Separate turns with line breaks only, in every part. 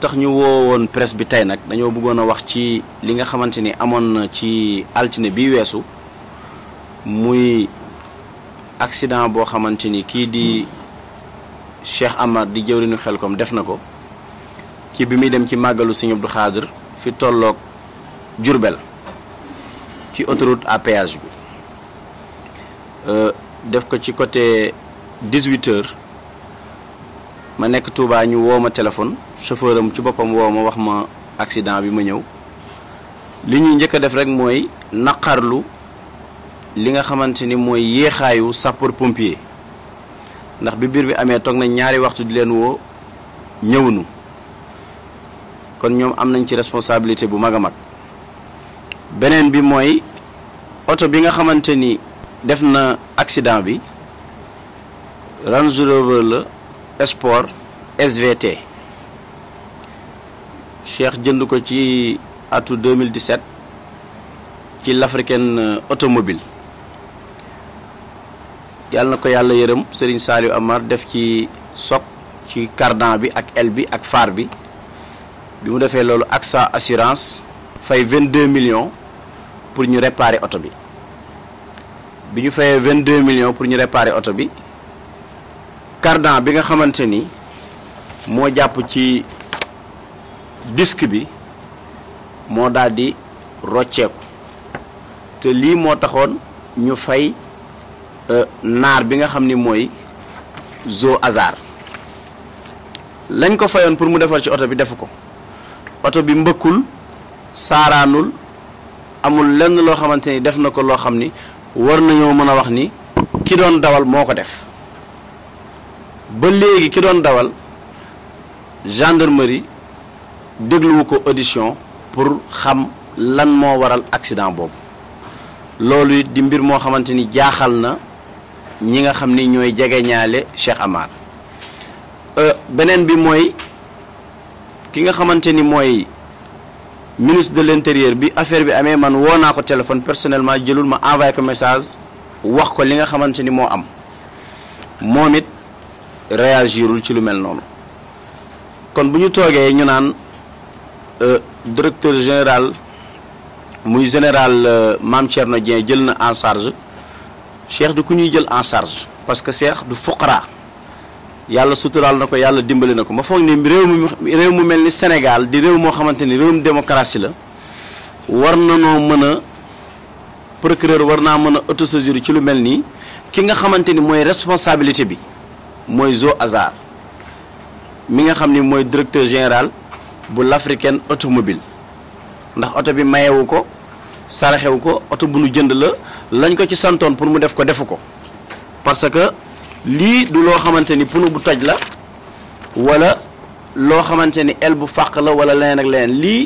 tax ñu woon presse bi tey nag dañoo bëggoon a wax ci li nga xamante ni amoon na ci altine bi weesu muy accident boo xamante ni kii di Cheikh Amar di xel Xelkom def na ko ci bi muy dem ci màggalu Sëñ Abdou Khadr fi tolloog Jurbel ci autoroute à péage bi euh, def ko ci côté 18 ma nekk Touba ñu woo ma téléphone chauffeur ci boppam woo ma wax ma accident bi ma ñëw li ñuy njëkk a def rek mooy naqarlu li nga xamante ni mooy yéexaayu sapeur pompier ndax bi biir bi amee toog nañ ñaari waxtu di leen woo ñëwunu kon ñoom am nañ ci responsabilité bu mag a mag beneen bi mooy oto bi nga xamante ni def na accident bi Range la sport SVT Cheikh jënd ko ci atu 2017 ci l'Africaine euh, automobile yàlla na ko yàlla yërëm Serigne Saliou Amar def ci soc ci cardan bi ak el bi ak phare bi bi mu defee loolu AXA assurance fay 22 millions pour ñu réparer oto bi bi ñu fayee 22 millions pour ñu réparer oto bi cardan bi nga xamante ni moo jàpp ci disk bi moo daldi rocceeku te lii moo taxoon ñu fay euh, naar bi nga xam ni mooy zoo hasard lañ ko fayoon pour mu defar ci oto bi defu ko oto bi mbëkkul saaraanul amul lenn loo xamante ni def na ko loo xam ni war nañoo mën a wax ni ki doon dawal moo ko def ba léegi ki doon dawal gendarmerie dégluwu ko audition pour xam lan moo waral accident boobu loolu it di mbir moo xamante ni jaaxal na ñi nga xam ni ñooy jegeñaale Cheikh Amar euh, beneen bi mooy ki nga xamante ni mooy ministre de l'intérieur bi affaire bi amee man woo naa ko téléphone personnellement jëlul ma envoyé ko message wax ko li nga xamante ni moo am moom it réagirul ci lu mel noonu kon bu ñu toogee ñu naan euh, directeur général muy général euh, Mame Thierno Dieng jël na en charge cheikh du ku ñuy jël en charge parce que cheikh du fuqara yàlla suturaal na ko yàlla dimbali na ko ma foog ne réew mi mu mel ni Sénégal di réew moo xamante ni réewum démocratie la war na noo mën a procureur war naa mën a autosaisir ci lu mel nii ki nga xamante ni mooy responsabilité bi mooy Zo Azar mi nga xam ni mooy directeur général bu l'Africaine automobile ndax oto bi mayewu ko saraxewu ko oto bu nu jënd la lañ ko ci santoon pour mu def ko defu ko parce que lii du loo xamante ni pneu bu toj la wala loo xamante ni el bu fàq la wala leneen ak leneen lii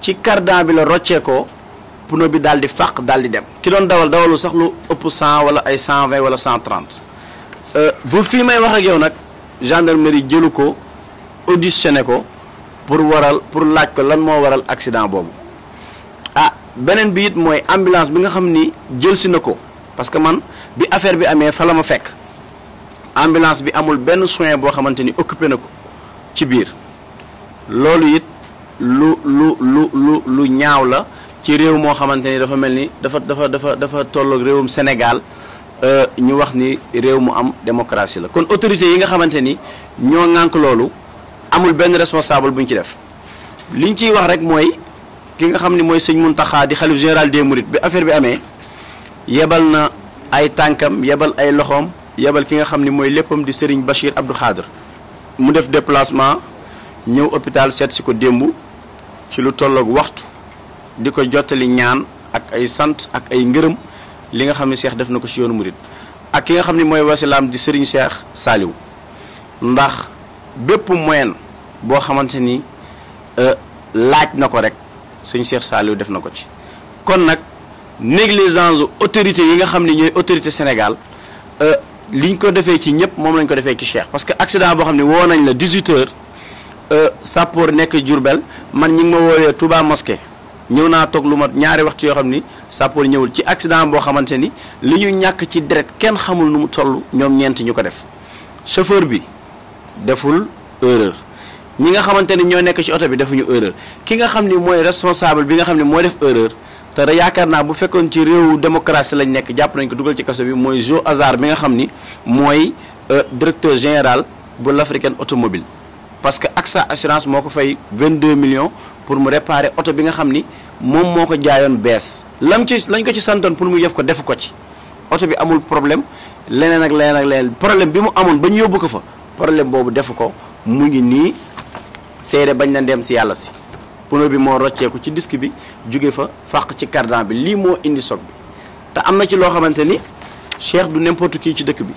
ci cardan bi la rocceekoo pneu bi daal di fàq daal di dem ki doon dawal dawalu sax lu ëpp 100 wala ay 120 wala 130 Euh, bu fii may wax ak yow nag gendarmerie jëlu ko auditionné ko pour waral pour laaj ko lan moo waral accident boobu ah beneen bi it mooy ambulance bi nga xam ni jël si na ko parce que man bi affaire bi amee fa la ma fekk ambulance bi amul benn soin boo xamante ni occupé na ko ci biir loolu it lu lu lu lu lu ñaaw la ci réew moo xamante ni dafa mel ni dafa dafa dafa dafa tolloog réewum Sénégal ñu wax ni réew mu am démocratie la kon autorité yi nga xamante ni ñoo ŋànk loolu amul benn responsable bu ñu ci def li ñu ciy wax rek mooy ki nga xam ni mooy sëñ Muntaxa di xalif général des Mourides bi affaire bi amee yebal na ay tànkam yebal ay loxoom yebal ki nga xam ni mooy léppam di sëriñ Bachir Abdou Khadre mu def déplacement ñëw hôpital seet si ko démb ci lu tollook waxtu di ko jottali ñaan ak ay sant ak ay ngërëm li nga xam ne seex def na ko ci yoonu murit ak ki nga xam ne mooy wasilaam di sëriñ seex saaliw ndax bépp moyen boo xamante ni euh, laaj na ko rek sëñ seex saaliw def na ko ci kon nag négligence autorité yi nga xam ne ñooy autorité Sénégal euh, ñu ko defee ci ñëpp moom lañ ko defee ci Cheikh parce que accident boo xam ne woo nañ la 18 heures euh, sappoor nekk Diourbel man ñi ngi ma woowee Touba moske ñëw naa toog lu mat ñaari waxtu yoo xam ni sàppool ñëwul ci accident boo xamante ni li ñu ñàkk ci deret kenn xamul nu mu toll ñoom ñeent ñu ko def chauffeur bi deful erreur ñi nga xamante ni ñoo nekk ci oto bi defuñu erreur ki nga xam ni mooy responsable bi nga xam ni mooy def erreur te yaakaar naa bu fekkoon ci réewu démocratie lañ nekk jàpp nañ ko dugal ci kaso bi mooy Joe Hazard bi nga xam ni mooy euh, directeur général bu l'African Automobile parce que AXA assurance moo ko fay 22 millions pour mu réparer oto bi nga xam ni moom moo ko jaayoon bees lam lañ ko ci santoon pour mu def ko defu ko ci oto bi amul problème leneen ak leneen ak leneen problème bi mu amoon bañ yóbbu ko fa problème boobu defu ko mu ngi nii seere bañ na dem si yàlla si pono bi moo rocceeku ci disque bi jóge fa fàq ci cardan bi lii moo indi choc bi te am na ci loo xamante ni Cheikh du n'importe kii ci dëkk bi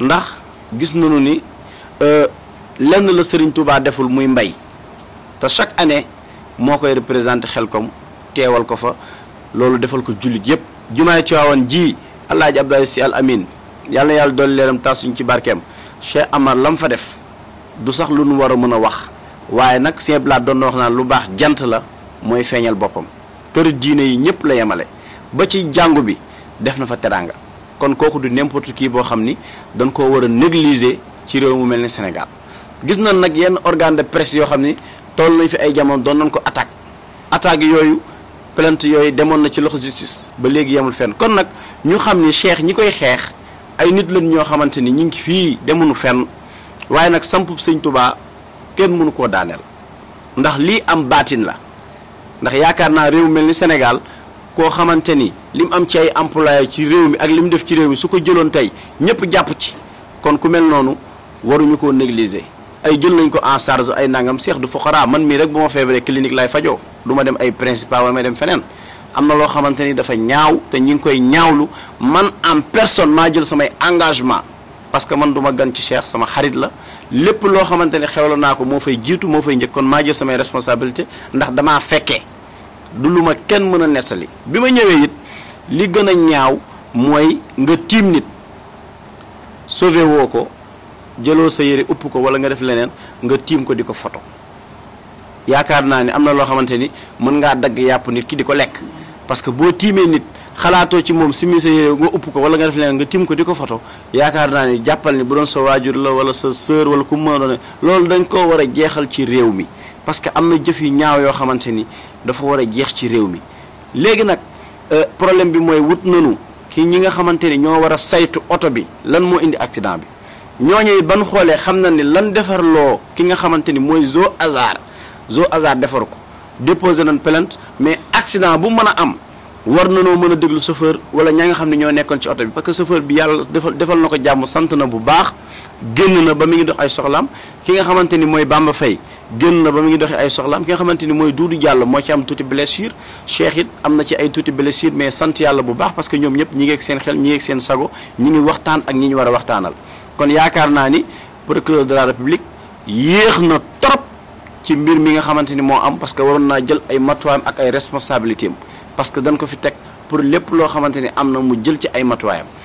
ndax gis nañu ni euh, lenn la Serigne Touba deful muy mbay te chaque année moo koy représenté ko teewal ko fa loolu defal ko jullit yëpp jumaay Tiwaawan ji Alaaji Abdoulaye Sy Al amine yàlla na yàlla dolli leeram ci barkeem Cheikh Amar lam fa def du sax lu nu war a mën a wax waaye nag Sëñ Blaat doon na wax naan lu baax jant la mooy feeñal boppam kër diine yi ñëpp la yemale ba ci jàngu bi def na fa teraanga kon kooku du n'importe kii boo xam ni dañ koo war a négliger ci réew mu mel ni Sénégal gis na nag yenn organe de presse yoo xam ni toll nañ fi ay jamono doon nañ ko attaque attaque yooyu plainte yooyu demoon na ci loxo justice ba léegi yemul fenn kon nag ñu xam ni cheikh ñi koy xeex ay nit lañ ñoo xamante ni ñu ngi fii demuñu fenn waaye nag sampub sëñ tubaa kenn mënu koo daaneel ndax lii am baatin la ndax yaakaar naa réew mel ni Sénégal koo xamante ni lim am ci ay ci réew mi ak lim def ci réew mi su ko jëloon tey ñëpp jàpp ci kon ku mel noonu waruñu koo négliger ay jël nañ ko en charge ay nangam seex du foqara man mii rek bu ma feebaree clinique laay fajoo duma dem ay principal wala may dem feneen am na loo xamante ni dafa ñaaw te ñi ngi koy ñaawlu man en personne maa jël samay engagement parce que man du ma gan ci cheikh sama xarit la lépp loo xamante ne xewla naa ko moo fay jiitu moo fay njëkk kon maa jël samay responsabilité ndax damaa fekkee du lu ma kenn mën a nettali bi ma ñëwee it li gën a ñaaw mooy nga tiim nit sauvé woo ko jëloo sa yére upp ko wala nga def leneen nga tiim ko di ko foto yaakaar naa ne am na loo xamante ni mën ngaa dagg yàpp nit ki di ko lekk parce que boo tiimee nit xalaatoo ci moom simi sa yére nga upp ko wala nga def leneen nga tiim ko di ko foto yaakaar naa ni jàppal ni bu doon sa waajur la wala sa sœur wala ku mën doone loolu dañ koo war a jeexal ci réew mi parce que am na jëf yu ñaaw yoo xamante ni dafa war a jeex ci réew mi léegi nag euh, problème bi mooy wut nanu ki ñi nga xamante ni ñoo war a saytu oto bi lan moo indi accident bi ñoo ñooñu ban xoolee xam na ni lan defar loo ki nga xamante ni mooy Zo Azar Zo Azar defar ko déposé nañ plainte mais accident bu mën a am war noo mën a déglu chauffeur wala ña nga xam ne ñoo nekkoon ci oto bi parce que chauffeur bi yàlla defal defal na ko jàmm sant na bu baax génn na ba mu ngi dox ay soxlaam ki nga xamante ni mooy Bamba Faye génn na ba mu ngi doxee ay soxlaam ki nga xamante ni mooy Doudou Diallo moo ci am tuuti blessure Cheikh it am na ci ay tuuti blessure mais sant yàlla bu baax parce que ñoom ñëpp ñi ngeeg seen xel ñi ngeeg seen sago ñi ngi ak ñi ñu war a waxtaanal kon yaakaar naa ni procureur de la république yéex na trop ci mbir mi nga xamante ni moo am parce que waroon naa jël ay matuwaayam ak ay responsabilités am parce que dañ ko fi teg pour lépp loo xamante ni am na mu jël ci ay matuwaayam.